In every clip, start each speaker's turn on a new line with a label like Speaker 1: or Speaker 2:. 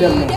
Speaker 1: dem moom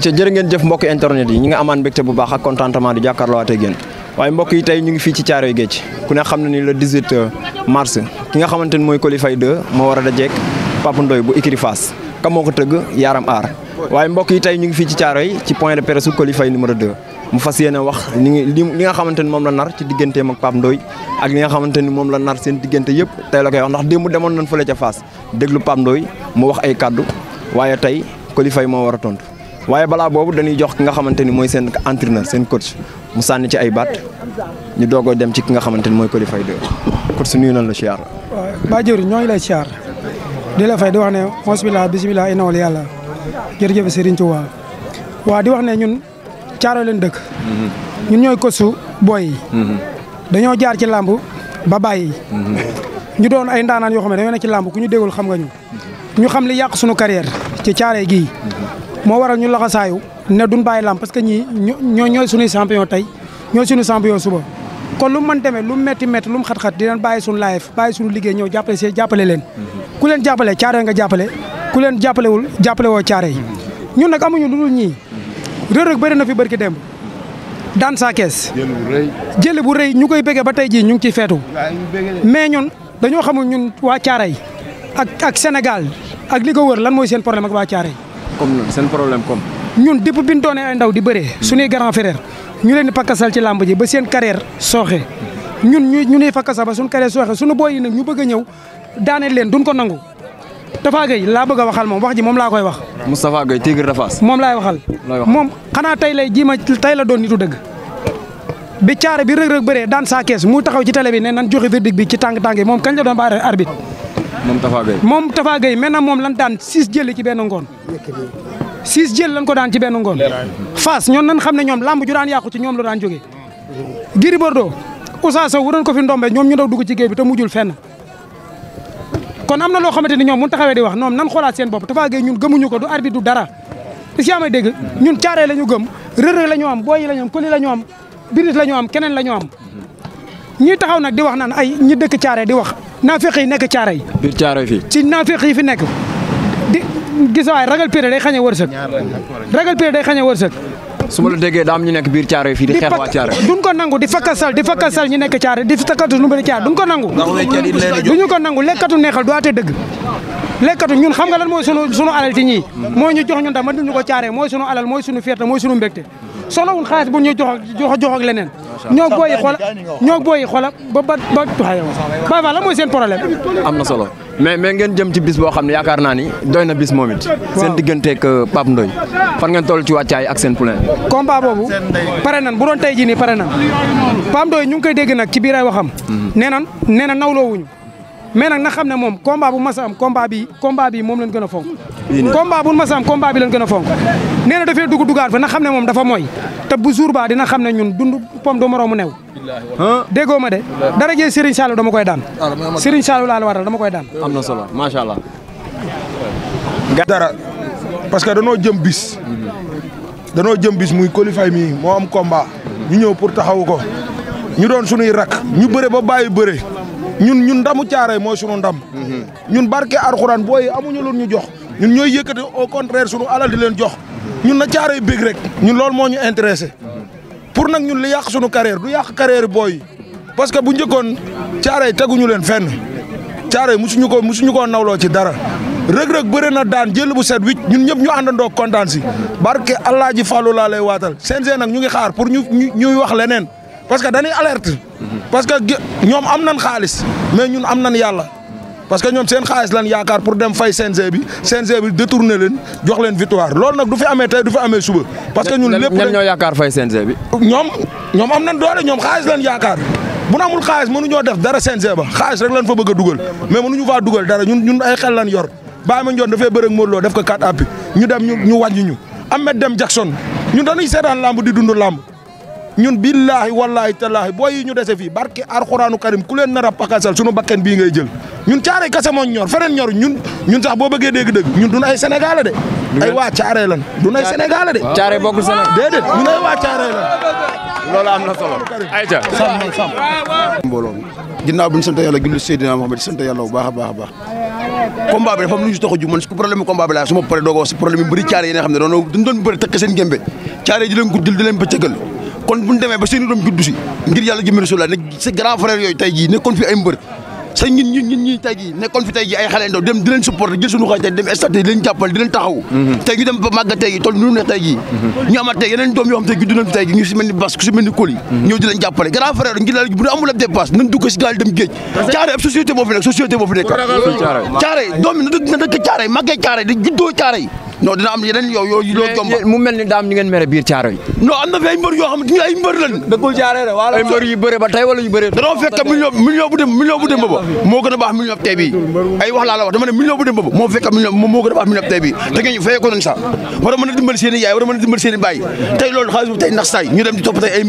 Speaker 2: ayca jërë ngeen jëf mbokk internet yi ñi nga amaan mbégte bu baax ak contentement di jàkkaarloowaatee génn waaye mbokk yi tey ñu ngi fii ci Caaroy Géej ku ne xam na ni le 18 euh, mars ki nga xamante ni mooy Coly moo war a dajeek Pape Ndoye bu Ikiri moo ko tëgg Yaram Aar waaye mbokk yi tey ñu ngi fii ci Caaroy ci point de presse Coly Faye numéro 2 mu fas yéene wax li li li xamante ni moom la nar ci digganteem ak Pape Ndoye ak li nga xamante ni moom la nar seen diggante yëpp tey la koy wax ndax démb demoon nañ fële ca Fass déglu Pape Ndoye mu wax ay kàddu waaye tey Coly Faye moo war a tontu waaye balaa boobu dañuy jox ki nga xamante ni mooy seen entraîneur seen coach mu sànni ci ay baat ñu doog a dem ci ki nga xamante ni mooy Coly Faye 2 coach nuyu nañ la siyaar.
Speaker 3: waaw Ba Diouroupé ñoo ngi lay siyaar di la fay di wax ne bisimilah bisimilah inna wal yàlla jërëjëf ci Touba waa di wax ne ñun caaro leen dëkk. Mm-hmm. ñun ñooy kosu booy mm-hmm. dañoo jaar ci làmb ba bàyyi. Mm-hmm. ñu doon ay ndaanaan yoo xam ne dañoo nekk ci làmb ku ñu déggul xam nga ñu. ñu xam li yàq sunu carrière ci caare gii. moo waral ñu laxasaayu ne duñ bàyyi lam parce que ñii ñoo ñooy suñuy champion tey ñoo suñu champion suba kon lu man mën demee lu mu métti lu mu xat-xat dinañ bàyyi suñu live bàyyi suñu liggéey ñëw jàppale see jàppale leen mm-hmm. ku leen jàppale caare nga jàppale ku leen jàppalewul jàppale woo caare yi mm-hmm. ñun nag amuñu lu dul ñii mm-hmm. Reug Reug bëri na fi barki démb daan saa jële bu rëy ñu koy bëggee ba tey jii ñu ngi ciy feetu mais ñun dañoo xamul ñun waa caare yi ak ak Sénégal ak li ko wër lan mooy seen problème ak waa caare comme ñun seen problème comme. ñun depuis bi ñu doonee ay ndaw di bëree. suñuy grand frère ñu leen di pakkasal ci làmb ji ba seen carrière sooxe ñun ñu ñu ñuy fakkasal ba suñu carrière sooxe suñu booy yi nag ñu bëgg a ñëw daaneel leen duñ ko nangu. Tapha Gueye laa bëgg a waxal moom wax ji moom laa koy wax. Moustapha Gueye Tigre de Fass. moom laay waxal. moom xanaa tey lay ji ma tey la doon nitu dëgg. bi caare bi rëg-rëg bëree daan saa kees mu taxaw ci télé bi ne nan joxe verdict bi ci tàng tàng moom kañ la doon baaree arbitre moom Tafa Gueye moom na Gueye maintenant moom lan daan six jëli ci benn ngoon six jël lan ko daan ci benn ngoon Fass ñoon nan xam ne ñoom lamb ju daan yàqu ci ñoom la daan jógee Gris Bordeaux Ousa Sow waroon ko fi ndombe ñoom ñu daw dugg ci géej bi te mujjul fenn kon am na loo xamante ni ñoom mun taxawee di wax ñoom nan xoolaat seen bopp Tafa Gueye ñun gëmuñu ko du arbitre du dara is yaa may dégg ñun caaree la ñu gëm rërë la ñu am booyi la ñu am koli la ñu am birit am keneen la ñu am taxaw nag di wax naan ay ñi dëkk caaree di wax naafeq yi nekk caara yi. biir caara yi fii. ci naafeq yi fi nekk di gis waay ragal péré day xañe wërsëg. ragal péré day xañe wërsëg. su ma la déggee daam ñu nekk biir caaro yi di xeex waa caaro yi ko nangu di fakkasal di fakkasal ñu nekk caaro di takkatu nu bëri caaro duñ ko nangu duñu ko nangu lekkatu neexal du ate dëgg lekkatu ñun xam nga lan mooy sunu alal ci ñii mm. moo ñu jox ñun dama duñu ko caare mooy sunu alal mooy sunu f mooy sunu mbégte solowul xaalis bu ñu jox ak jox ak leneen. ñoo booy xola ñoo booy xola ba ba ba waaye waaw waaw la mooy seen problème.
Speaker 2: am na solo mais mais ngeen jëm ci bis boo xam ne yaakaar naa ni doy na bis moom it. seen digganteeg euh, Pape Ndoye fan ngeen toll ci wàccaay ak seen poulain.
Speaker 3: combat boobu pare nan bu doon tey jii nii pare nan Pape Ndoye ñu ngi koy dégg nag ci biir waxam. Mhm. nee nan nee na nawloo wuñu mais nag na xam ne moom combat bu mas a am combat bi combat moom lañ gën a fonk combat bu mas a am combat bi lañ gën a fonk nee na dafay dugg dugaat fa na xam ne moom dafa moy te bu jour ba dina xam ne ñun dund pom du moroomu new déggoo ma de dara jee Serigne Saliou dama koy daan ah, Serigne Saliou laa la waral dama koy daan am na solo macha allah
Speaker 4: dara parce que danoo jëm bis danoo jëm bis muy qualifié mi moo am combat ñu ñëw pour taxawu ko ñu doon sunuy rak ñu bëre ba bàyyi bëre ñun ñun ndamu caaray mooy sunu ndam. Mhm. ñun barke arxuraan booy amuñu lu ñu jox. ñun ñooy yëkkati o contraire sunu alal di len jox. ñun na caaray bég rek. ñun lool moo ñu intéressé. pour nag ñun li yàq sunu carrière du yàq carrière booy parce que bu njëkkoon caaray teguñu leen fen caaray musuñu ko musuñu ko nawloo ci dara. rëg-rëg bëri na daan jël bu set wicc ñun ñëpp ñu àndandoo kontaan si barke Alaaji Fàllu laa lay waatal seen seen nag ñu ngi xaar pour ñu ñuy wax leneen parce que dañuy alerte. parce que ñoom am nan xaalis mais ñun am nan yàlla. parce que ñoom seen xaalis lan yaakaar pour dem fay CNG bi CNG bi leen jox leen victoire lool nag du fi amee tey du fi amee suba. parce que ñun lépp ñoo
Speaker 2: yaakaar fay CNG bi.
Speaker 4: ñoom ñoom am nan doole ñoom xaalis lan yaakaar. bu na amul xaalis mënuñoo def dara CNG ba xaalis rek lañ fa bëgg a dugal mais mënuñu faa dugal dara ñun ñun ay xel lan yor Baye Mandione dafay bëre ak Modou def ko 4 appuis ñu dem ñu ñu wàññi ñu. Ahmed Deme Jackson ñun dañuy seetaan lamb di dund lamb ñun billaahi wallaahi tallaahi booy yi ñu dese fii barke arxuraanu karim ku leen nar a pakasal sunu bakken bii ngay jël ñun caare kase ñor feneen ñor ñun sax boo bëggee dégg-dëgg ñun duñ ay Sénégal de. ay waa caare lan duñ ay Sénégal de. caare bokkul Sénégal déedéet ñun ay waa caare
Speaker 5: lan. loolu am na julli Seydina Mohamed sant yàlla bu baax a baax a baax. combat bi dafa am lu ñu tax a ju man su problème combat bi laa su ma paree doo ko wax ne doon doon kon bu ñu demee ba seen i doom juddu si ngir yàlla jëmmi rasulullah nag sa grand yooyu tey jii nekkoon fi ay mbër sa ñun ñun ñun ñii tey jii nekkoon fi tey jii ay xale ndaw dem di mhm. ne tey jii mhm. ñu amaat tey yeneen doom yoo xam tey juddu nañ fi tey jii ñu si mel ni bas ku si ni kóli mhm. ñëw di leen jàppale grand frère ngir yàlla bu ñu amul ab dépasse gaal dem géej caare ab société boo fi nekk société boo fi nekk caare doom yi na dëkk caare màggee caare non dina am mu mel ni biir caaro yi non na fi ay yoo xam ne ay mbër lañ ay mbër yu bëre ba tey wala yu bëre danoo million million bu dem million bu moo gën a baax million tey bii ay wax laa la wax million bu dem ba moo fekk million moo gën a baax million tey bii te ngeen fayee ko nañ sax war a mën a dimbali seen i yaay war a mën a dimbali seen baay tey loolu xaalis tey nax saay ñu dem di topp ay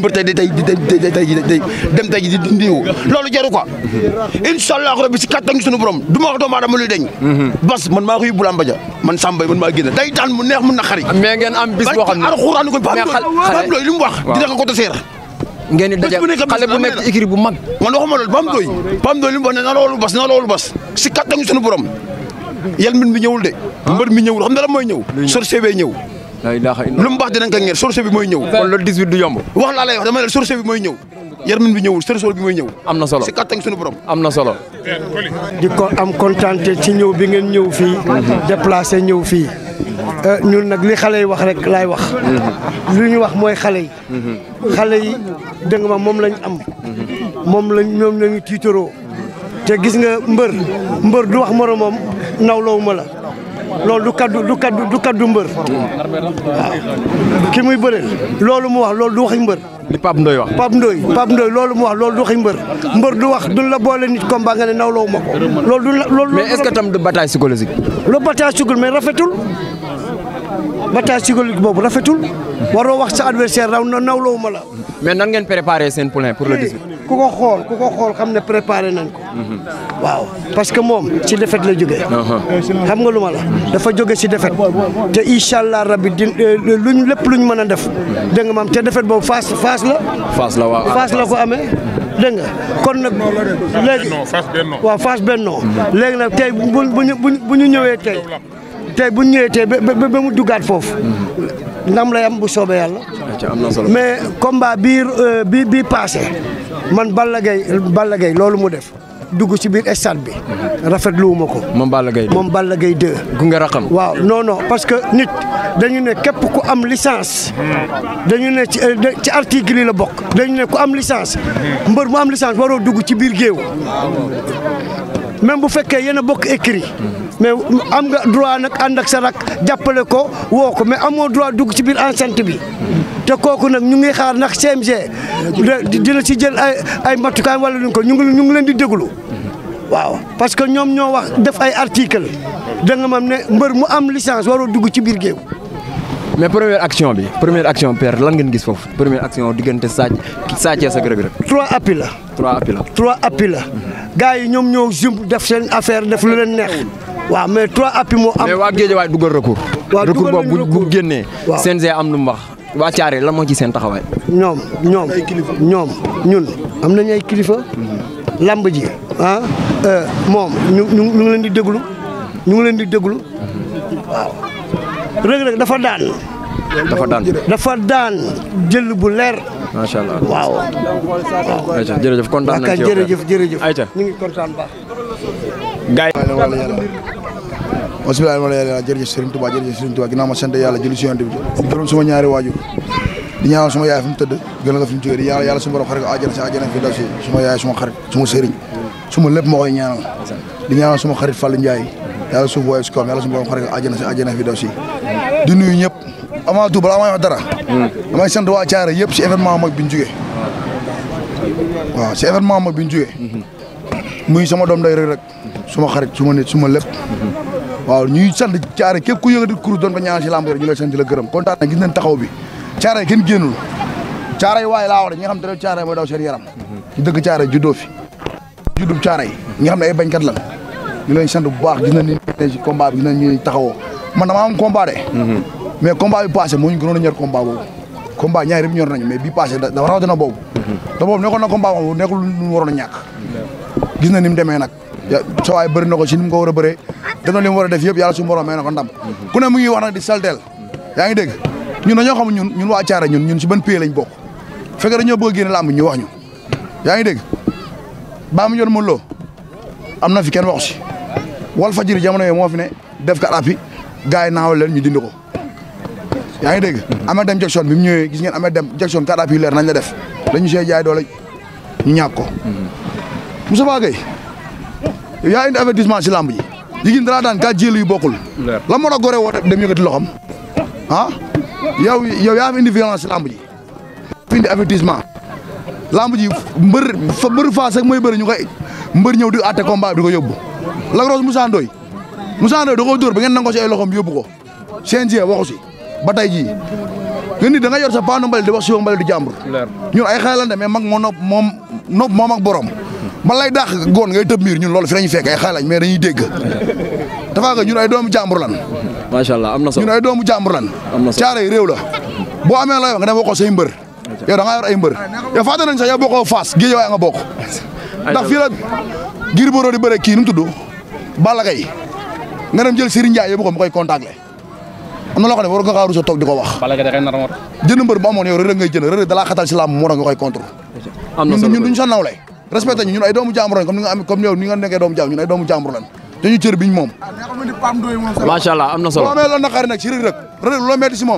Speaker 5: mbër ma wax doomu day daan mu neex mu naqari. Ah, mais ngeen am bis boo xam ne alxuraan ko wax dina ko ko ngeen daje xale bu nekk écurie bu mag man waxuma loolu Pape Ndoye Pape Ndoye li mu wax na loolu bas na loolu bas si kattanu suñu borom yal ñëwul de ah? mbër mi ñëwul xam na la mooy ñëw sorcé bee ñëw lu mu baax dinañ ngeer sorcé bi mooy ñëw kon loolu bi mooy ñëw yarmin bi mooy ñëw. am na solo si kattan am
Speaker 2: na solo.
Speaker 6: di ko am kontaan ci ñëw bi ngeen ñëw fii. Mhm. déplacé ñëw fii. Euh, ñun nag li xale yi wax rek laay wax li ñu wax mooy xale yi xale yi dégg ma moom lañ am moom lañ ñoom lañu tiitaroo te gis nga mbër mbër du wax moromam nawlawuma la loolu du kaddu du kaddu du kaddu mbër waaw ki muy bëreel loolu mu wax loolu du waxi mbër li Pape Ndoye wax Pape Ndoye Pape Ndoye loolu mu wax loolu du xëy mbër mbër du wax du la boole nit combat nga ne nawloo ma ko loolu du la loolu mais est-ce que tam du bataille psychologique lu bataille psychologique mais rafetul bataille psychologique boobu rafetul waroo wax sa adversaire raw nawloo ma la
Speaker 2: mais nan ngeen préparé seen poulain pour le 18
Speaker 6: ku ko xool ku ko xool xam ne préparé nañ waaw parce que moom ci défaite la jógee. Uh-huh. xam nga lu ma la dafa jóge ci défaite te incha allah rabbi di eh, luñ lépp luñ mën a def dégg nga maam te défaite boobu face face la. face la waaw face la ko amee. dégg nga kon nag léegi waaw face benno léegi nag tey bu bu ñu ñëwee tey tey bu ñu ñëwee tey ba mu duggaat foofu ndam la am bu soobee yàlla mais combat biir euh, bi bi man Balla Gaye Balla Gaye loolu mu def dugg ci biir stade bi rafetluwuma ko. moom Balla Gaye moom Balla Gaye 2. gunge raxam waaw non non parce que nit dañu ne képp ku am licence. dañu ne ci eh, ci article yi la bokk. dañu ne ku am licence. mbër mu am licence waroo dugg ci biir géew. même bu fekkee yéen a bokk écrit mais am nga droit nag ànd ak sa jàppale ko woo ko amoo droit dugg ci biir enceinte bi te kooku nag ñu ngi xaar ndax CMG dina ci jël ay ay matukaay wala luñ ko ñu ngi ñu ngi leen di déglu waaw parce que ñoom ñoo wax def ay article da nga mam ne mbër mu am licence waroo dugg ci biir géew
Speaker 2: mais première action bi premier action père lan ngeen gis foofu première
Speaker 6: action diggante Sa Sa Thiès ak Reug Reug trois appels trois appels la gars yi ñoom ñoo jump def seen affaire def lu leen neex. waaw mais trois appuis moo am. mais waa Guédiawaye dugal recours. waaw dugal nañu recours boobu génnee. waaw
Speaker 2: CNG am lu mu wax. waa Thiaré lan moo ci seen taxawaay.
Speaker 6: ñoom ñoom ñoom ñun am nañu ay kilifa. lamb ji ah euh, moom ñu ñu ngi leen di déglu ñu ngi leen di déglu waaw Reug dafa daan. dafa daan dafa daan jël bu leer. macha allah waaw. waaw
Speaker 2: ayca jërëjëf kontaan nañ ci yow jërëjëf
Speaker 6: jërëjëf ayca ñu ngi
Speaker 3: kontaan baax. gaay
Speaker 7: yi.
Speaker 2: wala
Speaker 6: yàlla
Speaker 7: bisimilah wala yàlla jërëjëf Serigne Touba jërëjëf Serigne Touba ginnaaw ma sant yàlla jëli si yoon bi gërëm suma ñaari waajur di ñaanal suma yaay fi mu tëdd gën a ko fi mu jógee di ñaanal yàlla suma borom xarit ko àjjana si àjjana fi daw si suma yaay suma xarit suma sëriñ ma koy ñaanal di ñaanal suma xarit Fallou Ndiaye yàlla suuf wooyee si kawam yàlla suma borom xarit ko àjjana si àjjana fi daw si di nuyu ñëpp avant tout balaa may wax dara. Hmm. damay sant waa Thiaré yëpp si événement mag bi ñu jugee. waaw si événement mag bi ñu jugee. Hmm. muy sama doom day rek rek. suma xarit suma nit suma lépp. Hmm. waaw ñuy sant Thiaré képp ku yëngati kuréel doon ko ñaan si lamb rek ñu lay sant gërëm kontaan na taxaw bi. Thiaré kenn génnul. Thiaré waaye laa wax ñi nga xam te ne Thiaré mooy daw seen yaram. ñu dëgg Thiaré juddoo fi. juddub Thiaré yi ñi nga xam ne ay bañkat lan ñu leen sant bu baax gis nañ ni ci combat man damaa am combat de. Mhm. mais combat bi passé moo ñu gënoon a ñor combat boobu. combat ñaari yëpp ñor nañu mais bi passé dafa rawatina boobu. Mhm. te boobu nekkoon na combat boobu nekkul lu mu waroon a ñàkk. gis na ni mu demee nag. sawaay waay bëri na ko si ni mu ko war a bëree. def na li mu war a yëpp yàlla su borom may na ko ndam. ku ne mu ngi di salteel. yaa ngi dégg ñun dañoo xam ñun ñun waa Thiaré ñun ñun si ban pays lañ bokk. fekk dañoo bëgg a génne làmb ñu wax yaa ngi dégg baa mu yor ma loo am na fi kenn wax si. Walfadjri jamono yooyu moo fi def ko arabe gars yi naawal leen ñu dindi ko yaa ngi dégg Ameth Deme Jackson bi mu ñëwee gis ngeen Ameth Deme Jackson kadaap yi leer nañ la def dañu see jaay doole ñu ñàkk ko Moustapha Gueye yaa indi avertissement si lamb ji jigéen dara daan kat jéelu bokkul la moo a gore woo dem yëkkati loxam ah yow yow yaa fi indi violence si lamb ji fi indi avertissement lamb mbër mbër faas ak mooy bër ñu koy mbër ñëw di atte combat di ko yóbbu Lac Rose Moussa Ndoye Moussa Ndoye da koo dóor ba ngeen nangoo si ay loxoom yóbbu ko CNG waxu si ba tey jii nga nit da nga yor sa paanu mbale di wax si yow mbale di jàmbur ñun ay xale lan de mais mag moo nopp moom nopp moom ak borom man lay dàq goon ngay tëb miir ñun loolu fi lañu fekk ay xale lañ mais dañuy dégg dafa nga ñun ay doomu jàmbur lan macha allah am na solo ñun ay doomu jàmbur lan caare yi réew la boo amee looy wax nga dem waxoo say mbër yow da yor ay mbër yow fàtte nañ sax yow bokkoo Fass géej waaye nga bokk ndax fii la Gris Bordeaux di bëre tudd Balla nga dem jël Serigne Ndiaye yóbbu ko mu koy contacter am nga xaar ruus a di ko wax. bala nga dexee nar a nga koy contre. am na solo nga am comme yow ni nga nekkee doomu jàmbur ñun ay doomu jàmbur lañ te ñu cër biñ moom. macha allah am na solo. boo wa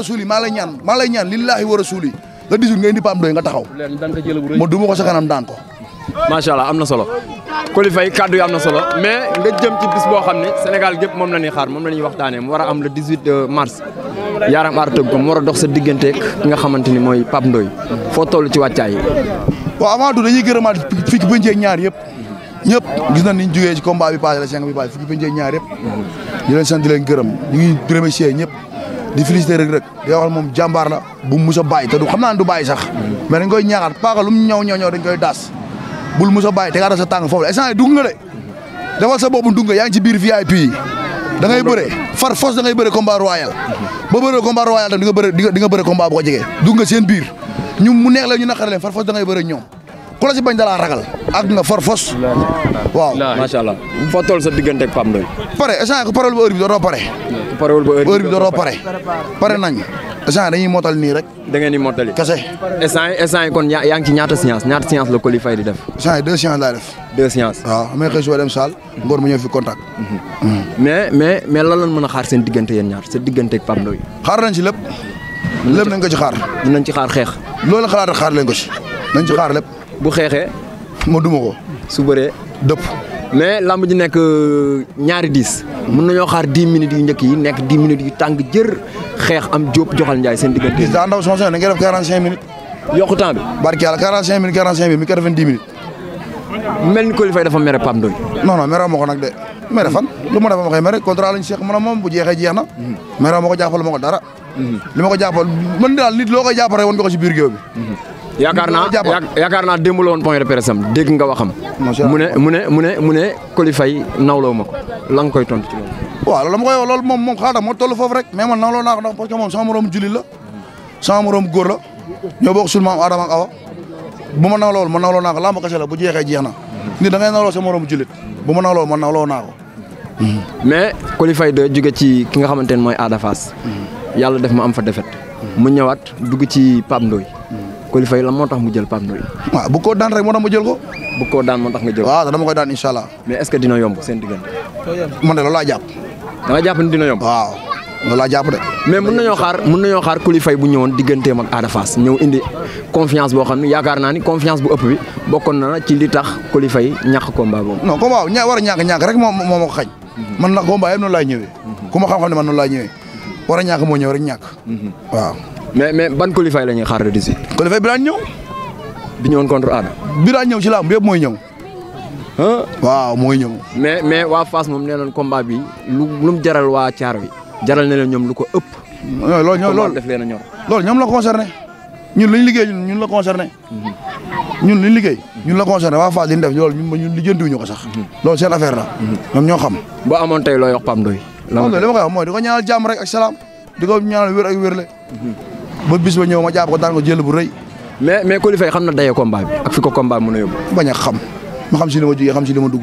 Speaker 7: rasuuli maa lay ñaan maa lay ñaan lillaahi la disul nga indi Pape Ndoye nga taxaw ma duma ko sa daan ko
Speaker 2: macha allah am na solo Coly Faye kaddu yi am na solo mais nga jëm ci bis boo xam ne Sénégal gépp moom la ñuy xaar moom la ñuy waxtaanee mu war a am le 18 mars yaaram Aar tëgg ko mu war a dox sa diggante ki nga xamante ni mooy
Speaker 7: Pape Ndoye foo toll ci wàccaay yi. waaw avant tout dañuy gërëmaat fii ci bënjee ñaar yëpp ñëpp gis nañ ni ñu jógee ci la cinq bi passé fii ñaar yëpp di leen sant di leen gërëm ñu ngi remercier ñëpp di féliciter rek rek di waxal moom jàmbaar la bu mu mus a du xam naa du bàyyi sax mais dañ koy ñaaxaat paaka lu mu ñëw ñëw ñëw koy daas bul musa bàyyi te sa tàng foofu la instant yi dugg nga de defal sa boobu dugg nga yaa ngi biir VIP yi da ngay bëre far force da ngay bëre combat royal ba bëre combat royal tam nga bëre di nga bëre combat bu ko jegee dugg nga seen biir ñu mu neex la ñu naqar far force da ngay bëre ñoom ku la si bañ dalaa ragal ak nga far force
Speaker 2: waaw macha allah fa toll sa diggante ak Pape Ndoye
Speaker 7: pare instant ko parole ba heure bi dootoo pare parole ba heure bi dootoo pare
Speaker 2: pare nañ instant dañuy mootal nii rek dangeen ngeen di mottali. kese instant yi instant yi kon yaa ngi ci ñaata science ñaata science la Coly di def.
Speaker 7: instant yi deux sciences def. deux sciences. waaw amee xëy dem Saal. Ngor mu ñëw fi contact. Mhm.
Speaker 2: mais mais mais mën a xaar seen diggante yéen ñaar seen diggante ak Pape Ndoye. xaar
Speaker 7: nañ ci lépp. lépp nañ ko ci xaar. nañ ci xaar xeex. loolu xalaat xaar lañ ko ci. nañ ci xaar lépp. bu xeexee. ma duma ko. su
Speaker 2: bëree dëpp. mais lamb ji nekk euh, ñaari diis mën nañoo xaar dix minutes yu njëkk yi nekk dix minutes yu tàng jër xeex am jóob joxal njaay seen diggante. gis nga àndaw son na nga def
Speaker 7: minutes. yokku temps bi. barke yàlla minutes minutes mi quatre vingt minutes. mel ni Coly Faye dafa mere Pape Ndoye. non mere ma ko nag de. mere fan lu ma def ma koy moom bu jeexee jeex na. Mhm. mere mhm. ma ko jàppal ma ko dara. li ko jàppal man daal nit loo koy jàppale woon nga si biir géew bi. Mhm.
Speaker 2: yaakaar naa yaakaar naa démb la woon point de presse am dégg nga waxam. mu ne mu ne mu ne mu ne Coly Faye nawloo ma la nga koy tontu ci loolu.
Speaker 7: waaw loolu ma koy wax loolu moom moom xaaral moo toll foofu rek mais man nawloo naa ko ndax parce que moom sama morom jullit la sama morom góor la ñoo bokk suñu maam Adama ak Awa bu ma nawloo ma nawloo naa ko làmb kese la bu jeexee jeex na nit da ngay nawloo sa morom jullit bu ma nawloo ma nawloo naa ko.
Speaker 2: mais kolifay Faye da ci ki nga xamante ne mooy Ada Fass. Mm-hmm. yàlla def ma am fa defet mu ñëwaat dugg ci Pape Ndoye Coly Faye lan moo tax mu jël Pape Ndoye. waaw ah, bu ko daan rek moo tax mu jël ko. bu ko daan moo tax nga jël ko. waaw ah, dama koy daan incha allah. mais est ce que dina yomb seen diggante. man de loolu laa jàpp. da nga jàpp ni dina yomb. waaw loolu laa jàpp de. mais mun nañoo xaar mun nañoo xaar Coly Faye bu ñëwoon digganteem ak Ada Fass ñëw indi confiance boo xam ne yaakaar naa ni confiance bu ëpp bi bokkoon na ci li tax Coly Faye ñàkk combat boobu.
Speaker 7: non combat ña war a ñàkk ñàkk rek moo moo ma ko xañ. Mhm. man nag combat yëpp noonu laay ñëwee. Mhm. ku ma xam-xam ne man noonu laay ñëwee. Mhm. war a ñàkk moo ñëw rek ñàkk.
Speaker 2: waaw mais mais ban qualifier la ñuy xaar de d'ici.
Speaker 7: qualifier bi daan ñëw. bi ñëwoon contre Ada. bi daan ñëw ci làmb yëpp mooy ñëw. waaw mooy ñëw.
Speaker 2: mais mais waa Fass moom nee nañ combat bi lu lu jaral waa caar
Speaker 7: bi jaral na leen ñoom lu ko ëpp. loolu ñoom loolu def leen a loolu ñoom la concerné ñun li ñu liggéey ñun ñun la concerné. ñun li ñu liggéey ñun la concerné waa Fass li ñu def loolu ñun ñun lijjantiwuñu ko sax. loolu seen affaire la. ñoom ñoo xam. boo
Speaker 2: amoon tey loo wax Pape Ndoye. lan la li koy
Speaker 7: wax mooy di ko ñaanal jàmm rek ak salaam di ko ñaanal wér ak ba bis ba ñëw ma jàpp ko daan ko jël bu rëy. mais mais Coly xam na dayoo combat ak fi ko combat mën a yóbbu. bañ a xam ma xam si li ma jugee xam si li ma dugg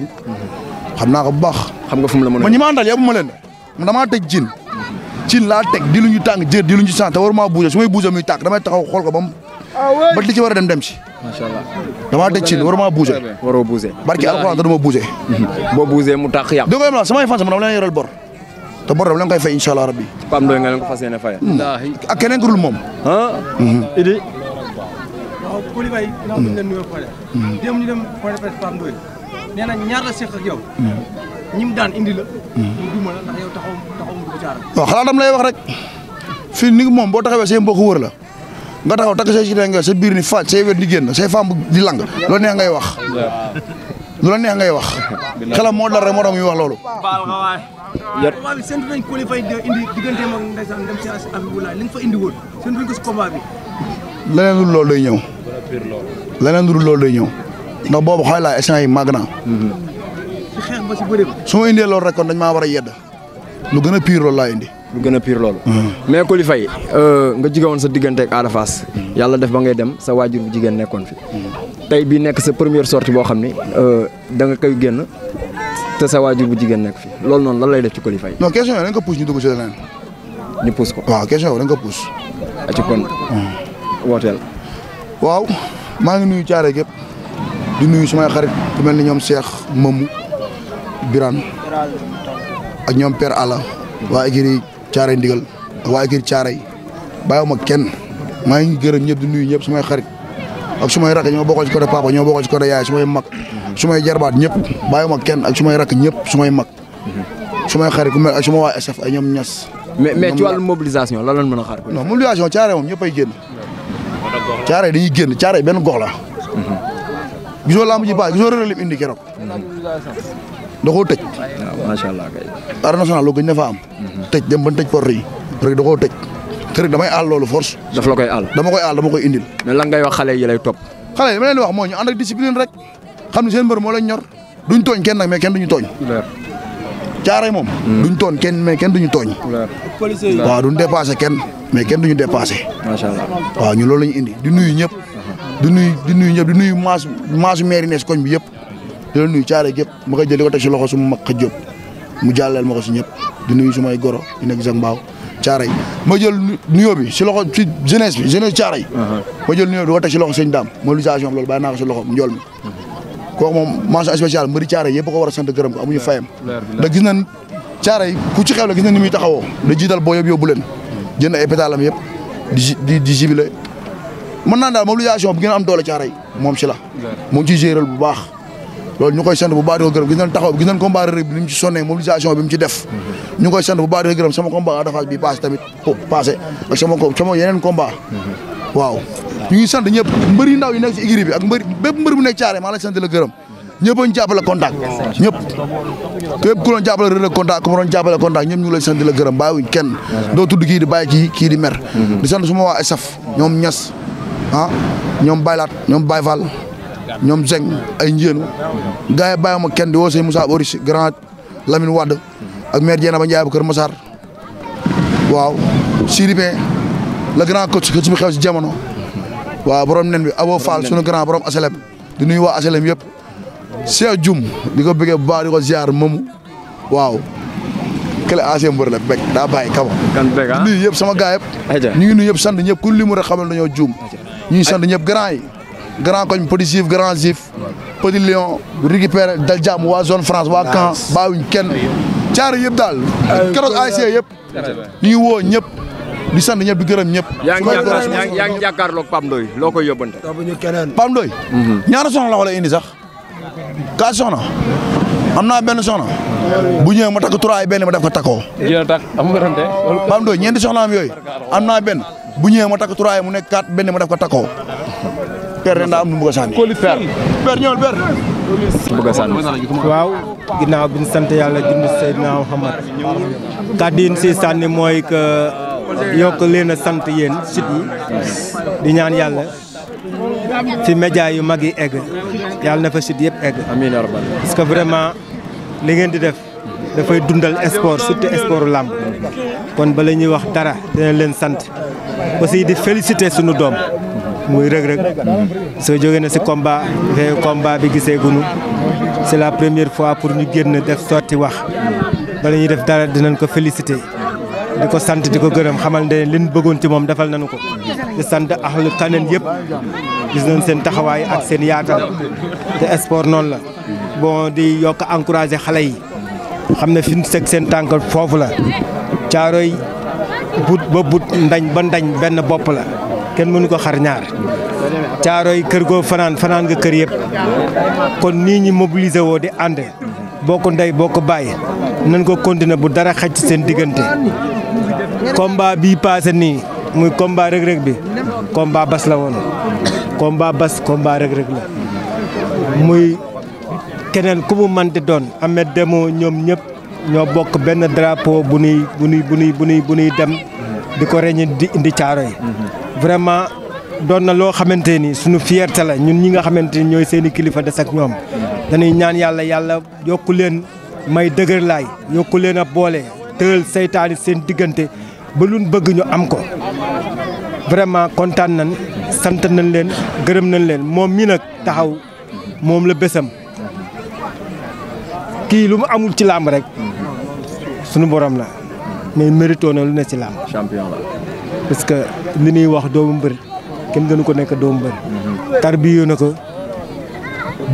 Speaker 7: xam naa ko bu baax. xam nga fu mu la mën a ma ñi ma àndal yóbbu ma leen damaa teg jin cin laa teg di lu ñu tàng jër di lu ñu sant te waruma bougé su may bougé muy tàkk damay taxaw xool ko ba mu
Speaker 2: ba li ci war a dem dem ci. macha allah damaa teg cin waruma bougé. waroo bougé barki alxuraan dama bougé.
Speaker 7: boo bougé mu tàkk yaa dëgg la samay fans man dama leen yoral bor. te bor dama leen koy fay incha allah rabbi.
Speaker 2: PAM Ndoye
Speaker 7: ak keneen ku dul moom. ah. Mhm. Idi.
Speaker 8: ñu leen nuyoo mhm. ñu dem la seq mhm.
Speaker 7: la. mu lay wax rek. fii ni moom boo taxawee seen mbokk wër la. nga taxaw takk say cité nga sa biir ni faaj say wet di génn say femme di lang loolu neex ngay wax. loolu neex ngay wax. xelam moo dal rek moo tax muy wax loolu.
Speaker 1: jot
Speaker 8: combat
Speaker 7: lu loolu day ñëw. leneen lu loolu day ñëw. ndax boobu xooy laa échange yi màgg naa. si xeex loolu rek dañ maa war a yedd. lu gën a pire loolu
Speaker 2: laa indi. lu gën a piir loolu. mais Coly euh, nga jige woon sa diggante ak yàlla def ba ngay dem sa waajur bu jigéen nekkoon fi. tey bii nekk sa première sortie boo xam ni euh, da nga génn te sa waajur bu jigéen nekk fi loolu noonu lan lay def ci kilifa yi. non question yooyu dañ ko pousse ñu dugg
Speaker 7: ci leneen. ñu pousse ko waaw question yooyu dañ ko pousse. a kon. Hmm. wooteel. waaw maa ngi nuyu Thiaré gépp di nuyu sumay xarit ku mel ni ñoom Cheikh Mamou Birane ak ñoom per Alla waa Igiri Thiaré ndigal ak waa Igiri Thiaré ma kenn maa ngi gërëm ñëpp di nuyu ñëpp sumay xarit ak sumay rakk ñoo bokkal ci côté papa ñoo bokkal sumay mag. su may jarbaat ñëpp bàyyiwuma kenn ak su may rakk ñëpp su may mag su may xarit ku mel ak su ma waa SF ay ñoom ñas mais mais ci wàllu
Speaker 2: mobilisation lan lañ mën a xaar. non
Speaker 7: mobilisation caare moom ñëpp ay génn. caare dañuy génn caare benn gox la. gisoo lamb ji baax gisoo réew lim indi keroog. da koo tëj. waaw macha allah kay. arène nationale na am. tëj dem ban tëj porte yi. rek da koo tëj. te rek damay aal loolu force. daf la koy aal dama koy indil. mais lan wax xale yi lay topp. xale yi ma leen di wax mooy ñu ànd ak rek. xam ne seen mbër moo lañ ñor duñ tooñ kenn nag mais kenn duñu tooñ. caaray moom. Hmm. duñ tooñ kenn mais kenn duñu tooñ. waaw duñ dépassé kenn mais kenn duñu dépassé. macha allah waaw ñu loolu ñu indi di nuyu ñëpp. di nuyu nuyu ñëpp di nuyu maas maasu maire nees koñ bi yëpp. di la nuyu caaray gépp ma koy jël di ko teg si loxo su ma mag mu jàlleel ma ko si ñëpp di nuyu sumay goro di nekk Zeng Mbaaw caaray ma jël nuyoo bi si loxo si jeunesse bi jeunesse caaray. ma jël nuyoo bi di ko teg si loxo sëñ daam mobilisation bi loolu bàyyi naa ko si loxo njool mi. kooku moom mention spéciale mbëri caare yëpp ko war a sant gërëm ko amuñu fayam da gis nañ caare yi ku ci xew la gis nañ ni muy taxawoo da jiital boo yëpp yóbbu leen jënd ay pétalam yëpp di di di jibile mën naa daal mobilisation bi gën a am doole caare yi moom ci la moom ciy géral bu baax loolu ñu koy sant bu baax di ko gërëm gis nañ taxaw bi gis nañ combat Reug Reug bi ni mu ci sonnee mobilisation bi mu ci def ñu koy sant bu baax ko gërëm sama combat Ada bi passé tamit passé ak sama sama yeneen combat waaw ñu ngi sant ñëpp mbër yu ndaw yi nekk ci écurie bi ak mbër bépp mbër bu nekk caare maa la sant la gërëm ñëpp ñu jàppale contact ñëpp képp ku doon jàppale Reug Reug contact ku ma jàppale contact ñëpp ñu ngi lay sant la gërëm bàyyiwuñ kenn doo tudd kii di bàyyi kii kii di mer di sant suma waa saf ñas ah ñoom baylaat ñoom bayfal ñoom Zeng ay njéenu gars yi bàyyi ma kenn di woo sëñ Moussa Boris grand Lamine Wade ak maire Diena ba Ndiaye bu Kër Massar waaw Siripin le grand coach coach bi xew si jamono waaw borom nen bi Abo Fall sunu grand borom aselem di nuyu waa aselem yëpp Cheikh Dioum di ko bëggee bu baax di ko ziar moomu waaw kële ancien mbër la bekk daa bàyyi kama ah. nuyu yëpp sama gaay yëpp ñu ngi nuyu yëpp sant ñëpp ku limu a xamal dañoo juum ñu ngi sant ñëpp grand yi grand koñ petit juif grand juif petit lion récupéré dal jàmm waa zone France waa camp baawuñ kenn caar yëpp daal keroog ASC yëpp ñu ngi woo ñëpp di sant ñëpp di gërëm ñëpp yaa ngi
Speaker 2: jàkkaarloog Pape Ndoye
Speaker 7: loo koy yóbbante Pape Ndoye mhm. ñaara soxna la wala indi sax kaa soxna am naa benn soxna bu ñëwee ma takk trois ay benn ma def ko takkoo Pape Ndoye ñeenti soxnaam yooyu am naa benn bu ñëwee ma takk trois mu ne quatre benn ma def ko takkoo
Speaker 8: père ren daa mu bëgg a sànni. Colis père
Speaker 7: père ñëwal père. bëgg a sànni.
Speaker 8: waaw ginnaaw bi ñu sant yàlla junni Seydina Muhammad kàddu yi ñu sànni mooy que yokk leen a sant yéen sit yi di ñaan yàlla fi média yu mag yi egg yàlla na fa sit yëpp egg. amiin yaa parce que vraiment li ngeen di def. dafay dundal sport surtout sportu làmb kon bala ñuy wax dara dina leen sant aussi di féliciter sunu doom. muy Reug Reug soo jógee na si combat fee combat bi gisee gunu c'est la première fois pour ñu génn def sotti wax bala ñu def dara dinañ ko féliciter di ko sant di ko gërëm xamal ne liñ bëggoon ci moom defal nañu ko di sant ahlu kaneen yëpp gis nañ seen taxawaay ak seen yaatal te sport noonu la bon di yokk encourager xale yi xam ne fi ñu teg seen tànk foofu la caaroy but ba but ndañ ba ndañ benn bopp la kenn mënu ko xarñaar caaro yi kër goo fanaan fanaan nga kër yëpp kon nii ñi mobiliser woo di ànd boo ko ndey boo ko bàyyi nañ ko continuer bu dara xaj seen diggante combat bii paase nii muy combat Reug Reug bi combat bas la woon combat bas combat Reug Reug la muy keneen ku mu manti doon amet demoo ñoom ñëpp ñoo bokk benn drapo bu nuy bu nuy bu nuy bu nuy dem di ko reñe di indi caaro yi vraiment doon na loo xamante ni suñu fierté la ñun ñi nga xamante ni ñooy seeni kilifa des ak ñoom dañuy ñaan yàlla yàlla yokku leen may dëgër laay yokku leen a boole tëral seytaani seen diggante ba luñ bëgg ñu am ko vraiment kontaan nañ sant nañ leen gërëm nañ leen moom mi nag taxaw moom la bésam kii lu mu amul ci làmb rek sunu borom la mais mérito na lu ne ci làmb parce que li ñuy wax doomu mbër kenn gënu ko nekk doomu mbër. tarbiyu na ko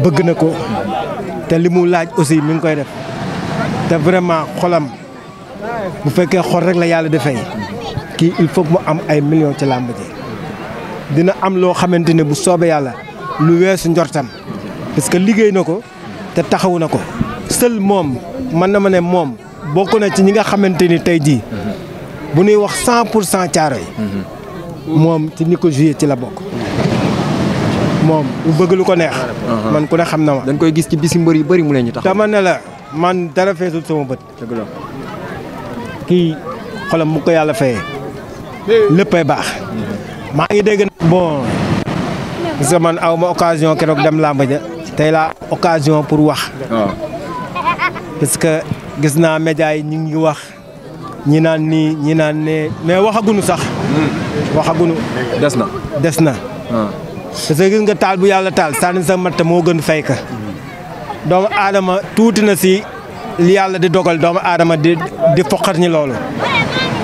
Speaker 8: bëgg na ko te li mu laaj aussi mi ngi koy def te vraiment xolam bu fekkee xol rek la yàlla defee kii il faut mu am ay millions ci làmb ji dina am loo xamante ne bu soobee yàlla lu weesu njortam parce que liggéey na ko te taxawu na ko. seul moom mën na ma ne moom bokk na ci ñi nga xamante ni tey jii. bu nuy wax cent pour cent caaro moom ci ni ko ci la bokk moom bu bëgg lu ko neex man ku ne xam na ma dañ koy gis ci bisi mbër yu bëri mu leen ñu tax dama ne la man dara feesul sama bët kii xolam mu ko yàlla fayee léppay baax maa ngi dégg nag bon parce que man aw ma occasion dem làmb ja tey laa occasion pour wax parce que gis naa média yi ñu ngi wax ñi naan nii ñi naan ne mais waxaguñu sax. Hmm. waxagunu des na des na. Ah. parce gis nga taal bu yàlla taal sànni sa matt moo gën fay ka doomu aadama tuuti na si li yàlla di dogal doomu aadama di di foqat ñi loolu.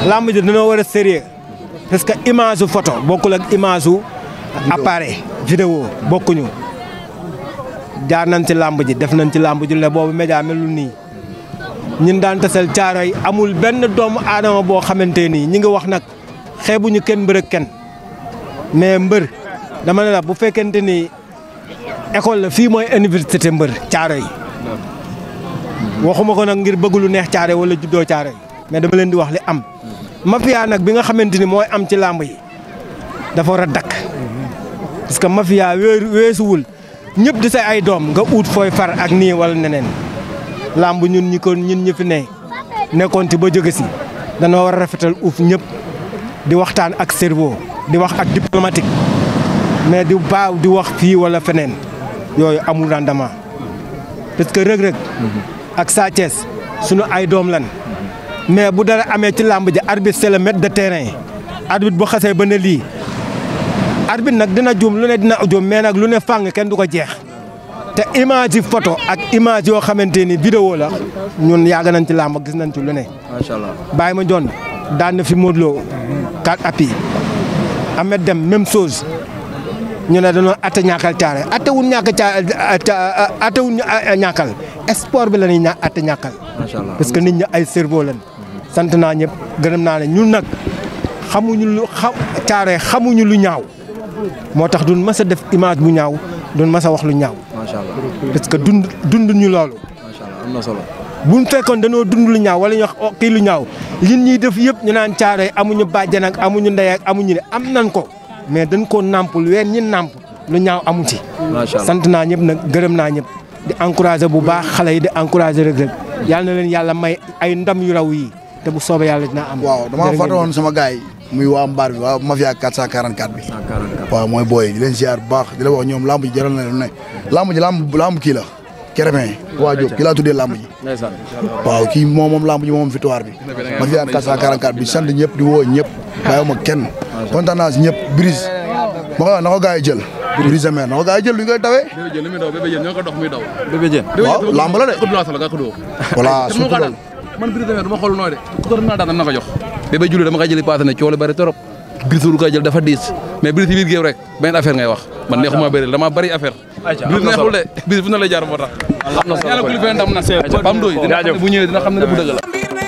Speaker 8: làmb ji dañoo war a sérieux parce que image su photo bokkul ak image su. appareil vidéo bokkuñu. jaar nan ci làmb ji def nañ ci làmb ji le boobu média melul nii. ñun daan tasal yi amul benn doomu aadama boo xamante nii ñi ngi wax nag ñu kenn mbër kenn mais mbër dama ne la bu fekkente ni école la fii mooy université mbër caaro yi waxuma ko nag ngir bëgg lu neex caaroy wala juddoo caaroy mais dama leen di wax li am mafia nag bi nga xamante ni mooy am ci làmb yi dafa war a dakk parce que mafia wéeru weesuwul ñëpp di say ay doom nga ut fooy far ak nii wala neneen làmb ñun ñi ñun ñi fi ne nekkoon ci ba jóge si danoo war a rafetal uuf ñëpp di waxtaan ak cerveau di wax ak diplomatique mais di baaw di wax fii wala feneen yooyu amul rendement parce que rëg ak Sa sunu ay doom lan mais bu dara amee ci làmb ji arbitre c'est le maître de terrain arbitre bu xasee ba ne lii arbitre nag dina juum lu ne dina juum mais nag lu ne fàng kenn du ko jeex te image yi ak image yoo xamante ni vidéo la ñun yàgg nañ ci làmb gis nañ ci lu ne. macha allah ma jon daan na fi Modou Lo kat appui Ahmed Dem même chose ñu ne dañoo atte ñàkkal caare atte wuñ ñàkk caa bi la ñuy ña parce que nit ña ay cerveau lañ. sant naa ñëpp gërëm naa ne ñun nag xamuñu lu xa xamuñu lu ñaaw moo tax duñ mës def image bu ñaaw duñ mës wax lu ñaaw. macha allah parce que dund dund ñu loolu. bu ñu fekkoon dañoo dund lu ñaaw wala ñu wax oh, kii lu ñaaw lin ñuy def yëpp ñu naan caare amuñu bàjjan nag amuñu ndey amuñu ne am nañ ko mais dañ koo nàmpul weer ñi nàmp lu ñaaw amu ci. sant naa ñëpp nag gërëm naa ñëpp. di encouragé bu baax xale yi di encouragé Reug Reug yàlla na leen yàlla may ay ndam yu raw yi te bu soobee yàlla dina am. waaw damaa fàtte woon sama gars yi
Speaker 7: muy waa mbaar bi waa mafia 444 bi. 444 waaw mooy booy di leen bu baax di la wax ñoom lamb ji jaral na leen ne. lamb ji lamb lamb kii la. Krépin waa laa tuddee lamb ji. waaw kii moom moom lamb ji moom victoire bi. mafia 444 bi sant ñëpp di woo ñëpp. bàyyiwuma kenn kontaan naa si ñëpp brise. na ko gars jël. Brise Mer na ko jël lu ñu koy tawee.
Speaker 5: li muy daw Bébé Diène ñoo ko dox muy daw. Bébé Diène waaw lamb la de. voilà surtout loolu. man Brise Mer du ma nooy de. ku ko daan na ka jox. Bébé Diouldé dama kaa jëli paase ne coow la bëri trop gisul kaa jël dafa diis mais biir si biir géew rek benn affaire ngay wax man neexuma bëri dama bëri affaire biir neexul de biir fu na la jaar moo tax yàlla
Speaker 2: ku li fee ndam na Pam Ndoye dina xam ne bu ñëwee dina xam ne la